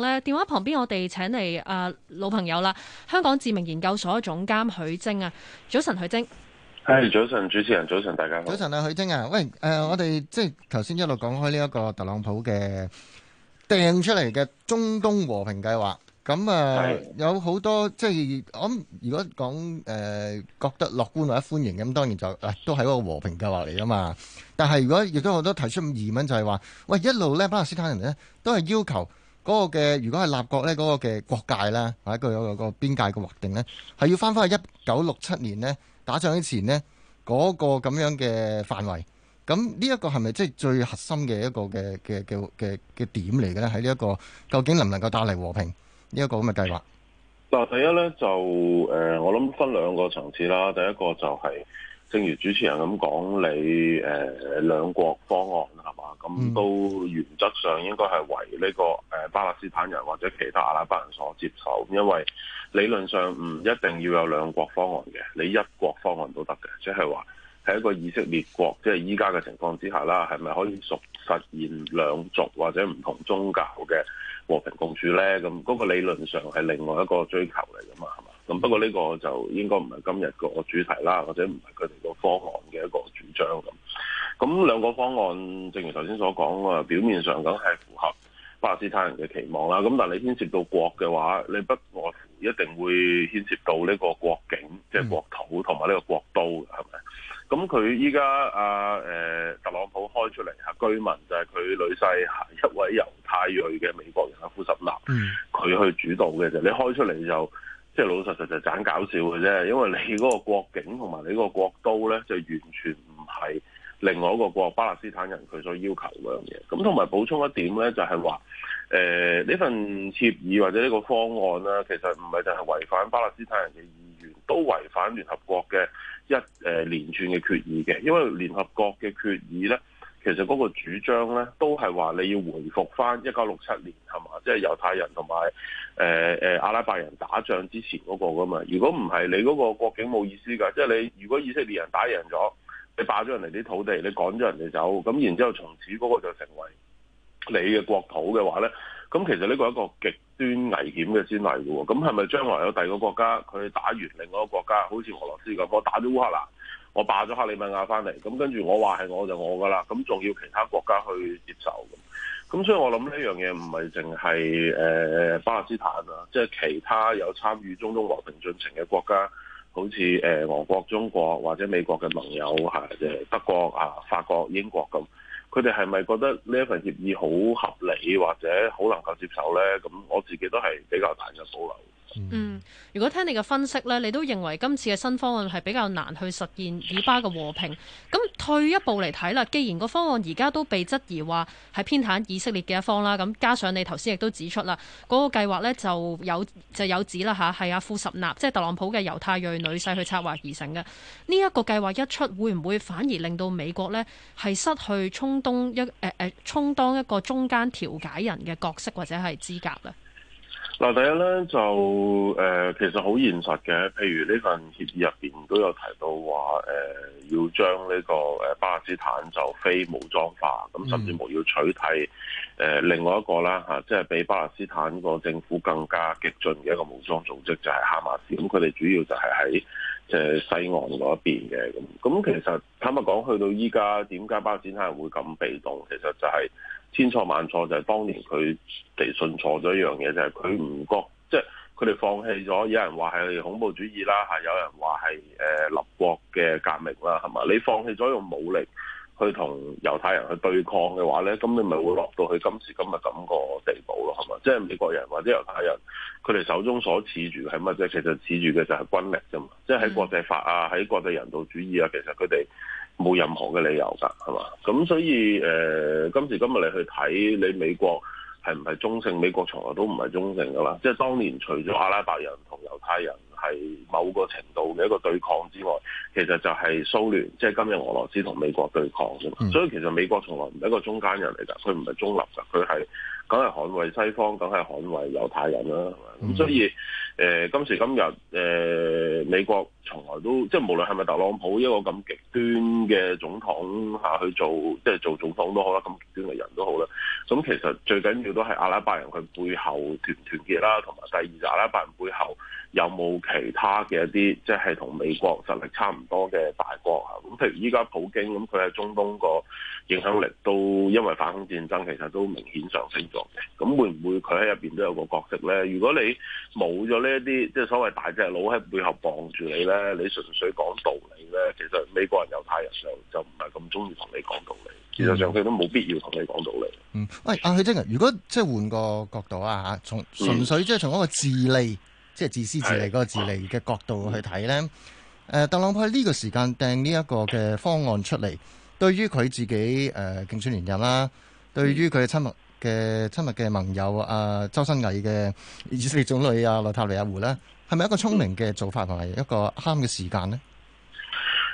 咧電話旁邊，我哋請嚟誒老朋友啦，香港智明研究所總監許楨啊，早晨，許楨。早晨，主持人，早晨大家好。早晨啊，許楨啊，喂，誒，我哋即係頭先一路講開呢一個特朗普嘅掟出嚟嘅中東和平計劃，咁啊有好多即係我諗，如果講誒覺得樂觀或者歡迎咁當然就都係一個和平計劃嚟噶嘛。但係如果亦都好多提出疑問，就係話，喂，一路呢，巴勒斯坦人呢，都係要求。嗰個嘅如果係立國咧，嗰個嘅國界啦，或者個有個邊界嘅劃定咧，係要翻返去一九六七年咧打仗之前呢，嗰個咁樣嘅範圍。咁呢一個係咪即係最核心嘅一個嘅嘅嘅嘅嘅點嚟嘅咧？喺呢一個究竟能唔能夠帶嚟和平呢一個咁嘅計劃？嗱，第一咧就誒，我諗分兩個層次啦。第一個就係、是。正如主持人咁講，你、呃、誒兩國方案係嘛？咁都原則上應該係為呢個誒巴勒斯坦人或者其他阿拉伯人所接受，因為理論上唔一定要有兩國方案嘅，你一國方案都得嘅。即係話喺一個以色列國，即係依家嘅情況之下啦，係咪可以熟實現兩族或者唔同宗教嘅和平共處呢？咁嗰個理論上係另外一個追求嚟㗎嘛？係嘛？咁、嗯、不過呢個就應該唔係今日個主題啦，或者唔係佢哋個方案嘅一個主張咁。咁兩個方案，正如頭先所講啊，表面上梗係符合巴勒斯坦人嘅期望啦。咁但係你牽涉到國嘅話，你不外乎一定會牽涉到呢個國境、即係國土同埋呢個國都，係咪、嗯？咁佢依家阿誒特朗普開出嚟，居民就係佢女婿一位猶太裔嘅美國人阿庫什納，佢、嗯、去主導嘅就，你開出嚟就。即係老老實實就盞搞笑嘅啫，因為你嗰個國境同埋你嗰個國都咧，就完全唔係另外一個國巴勒斯坦人佢所要求嗰樣嘢。咁同埋補充一點咧，就係話誒呢份協議或者呢個方案啦，其實唔係淨係違反巴勒斯坦人嘅意願，都違反聯合國嘅一誒、呃、連串嘅決議嘅，因為聯合國嘅決議咧。其實嗰個主張呢，都係話你要回復翻一九六七年係嘛，即係猶太人同埋誒誒阿拉伯人打仗之前嗰個噶嘛。如果唔係，你嗰個國境冇意思噶。即係你如果以色列人打贏咗，你霸咗人哋啲土地，你趕咗人哋走，咁然之後從此嗰個就成為你嘅國土嘅話呢。咁其實呢個係一個極端危險嘅先例噶喎。咁係咪將來有第二個國家佢打完另外一個國家，好似俄羅斯咁，我打咗烏克蘭？我霸咗克里米亞翻嚟，咁跟住我話係我就我噶啦，咁仲要其他國家去接受咁，咁所以我諗呢樣嘢唔係淨係誒巴勒斯坦啊，即係其他有參與中東和平進程嘅國家，好似誒俄國、中國或者美國嘅盟友吓，即係德國啊、法國、英國咁，佢哋係咪覺得呢一份協議好合理或者好能夠接受呢？咁我自己都係比較大嘅保留。嗯，如果聽你嘅分析咧，你都認為今次嘅新方案係比較難去實現以巴嘅和平？咁退一步嚟睇啦，既然個方案而家都被質疑話係偏袒以色列嘅一方啦，咁加上你頭先亦都指出啦，嗰、那個計劃呢就有就有指啦吓，係阿富什納，即係特朗普嘅猶太裔女婿去策劃而成嘅。呢、這、一個計劃一出，會唔會反而令到美國呢係失去充當一誒誒充當一個中間調解人嘅角色或者係資格呢？嗱，第一咧就誒、呃，其實好現實嘅。譬如呢份協議入邊都有提到話，誒、呃、要將呢個誒巴勒斯坦就非武裝化，咁甚至無要取締誒另外一個啦嚇，嗯、即係比巴勒斯坦個政府更加激進嘅一個武裝組織就係、是、哈馬斯。咁佢哋主要就係喺即係西岸嗰邊嘅。咁咁其實坦白講，去到依家點解巴勒斯坦會咁被動？其實就係、是。千錯萬錯就係、是、當年佢哋信錯咗一樣嘢，就係佢唔覺，即係佢哋放棄咗。有人話係恐怖主義啦，係有人話係誒立國嘅革命啦，係嘛？你放棄咗用武力。去同猶太人去對抗嘅話咧，咁你咪會落到去今時今日咁個地步咯，係嘛？即係美國人或者猶太人，佢哋手中所持住嘅係乜啫？其實持住嘅就係軍力啫嘛。即係喺國際法啊，喺國際人道主義啊，其實佢哋冇任何嘅理由噶，係嘛？咁所以誒、呃，今時今日你去睇你美國係唔係中性？美國從來都唔係中性噶啦。即係當年除咗阿拉伯人同猶太人。係某個程度嘅一個對抗之外，其實就係蘇聯，即、就、係、是、今日俄羅斯同美國對抗啫嘛。嗯、所以其實美國從來唔係一個中間人嚟㗎，佢唔係中立㗎，佢係梗係捍衛西方，梗係捍衛猶太人啦。咁、嗯、所以誒、呃，今時今日誒、呃、美國。從來都即係無論係咪特朗普一個咁極端嘅總統下、啊、去做，即係做總統都好啦，咁極端嘅人都好啦。咁其實最緊要都係阿拉伯人佢背後團唔團結啦，同埋第二就阿拉伯人背後有冇其他嘅一啲即係同美國實力差唔多嘅大國啊？咁譬如依家普京咁，佢喺中東個影響力都因為反恐戰爭其實都明顯上升咗。咁會唔會佢喺入邊都有個角色咧？如果你冇咗呢一啲即係所謂大隻佬喺背後傍住你咧？誒，你純粹講道理咧，其實美國人猶太人上就唔係咁中意同你講道理，事、嗯、實上佢都冇必要同你講道理。嗯，喂、哎，阿許楨啊正，如果即係換個角度啊嚇，從純粹即係從一個自利，嗯、即係自私自利嗰個自利嘅、嗯、角度去睇咧，誒、啊嗯呃，特朗普喺呢個時間掟呢一個嘅方案出嚟，對於佢自己誒、呃、競選連任啦，嗯、對於佢親密嘅親密嘅盟友、呃、生啊，周身蟻嘅以色列總理啊，內塔尼亞胡咧。啊啊啊啊係咪一個聰明嘅做法，同埋一個慳嘅時間呢？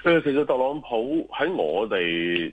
誒、嗯，其實特朗普喺我哋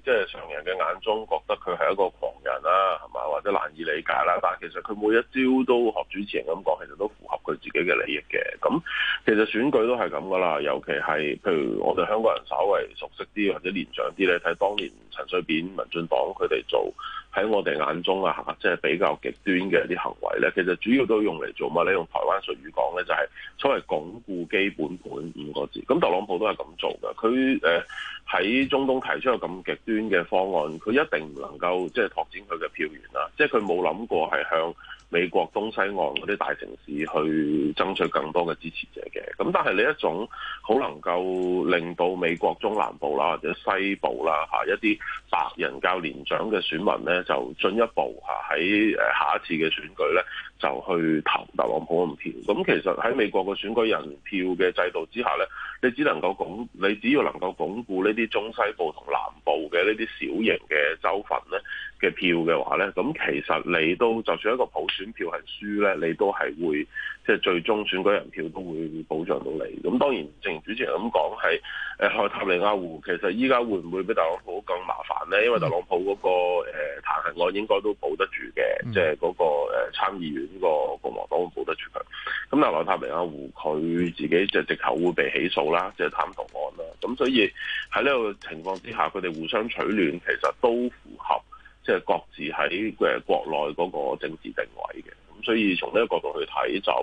即係常人嘅眼中，覺得佢係一個狂人啦，係嘛，或者難以理解啦。但係其實佢每一招都學主持人咁講，其實都符合佢自己嘅利益嘅。咁其實選舉都係咁噶啦，尤其係譬如我哋香港人稍為熟悉啲或者年長啲咧，你睇當年陳水扁民進黨佢哋做。喺我哋眼中啊，吓，即係比較極端嘅一啲行為咧。其實主要都用嚟做乜咧？用台灣術語講咧、就是，就係所謂鞏固基本盤五個字。咁特朗普都係咁做嘅。佢誒喺中東提出咁極端嘅方案，佢一定唔能夠即係拓展佢嘅票源啦。即係佢冇諗過係向美國東西岸嗰啲大城市去爭取更多嘅支持者嘅。咁但係呢一種好能夠令到美國中南部啦，或者西部啦吓，一啲白人較年長嘅選民咧。就進一步吓喺誒下一次嘅選舉咧。就去投特朗普嘅票。咁其實喺美國嘅選舉人票嘅制度之下咧，你只能夠鞏，你只要能夠鞏固呢啲中西部同南部嘅呢啲小型嘅州份咧嘅票嘅話咧，咁其實你都就算一個普選票係輸咧，你都係會即係最終選舉人票都會保障到你。咁當然，正如主持人咁講，係誒愛塔利亞湖，其實依家會唔會比特朗普更麻煩咧？因為特朗普嗰個誒彈劾案應該都保得住嘅，即係嗰個誒參議員。人呢個共和黨保得住佢，咁但係內塔尼亞胡佢自己就直頭會被起訴啦，即係貪瀆案啦，咁所以喺呢個情況之下，佢哋互相取暖，其實都符合即係各自喺誒國內嗰個政治定位嘅，咁所以從呢個角度去睇就誒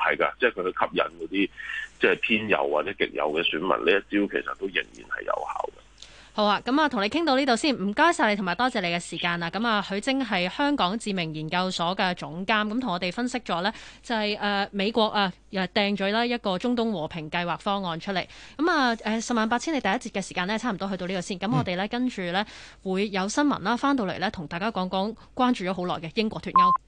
係㗎，即係佢哋吸引嗰啲即係偏右或者極右嘅選民呢一招其實都仍然係有效嘅。好啊，咁啊，同你傾到呢度先，唔該晒你，同埋多謝你嘅時間啊！咁啊，許楨係香港智明研究所嘅總監，咁同我哋分析咗呢，就係誒美國啊誒訂咗呢一個中東和平計劃方案出嚟，咁啊誒十萬八千里第一節嘅時間呢，差唔多去到呢度先，咁我哋呢，跟住呢會有新聞啦，翻到嚟呢，同大家講講關注咗好耐嘅英國脫歐。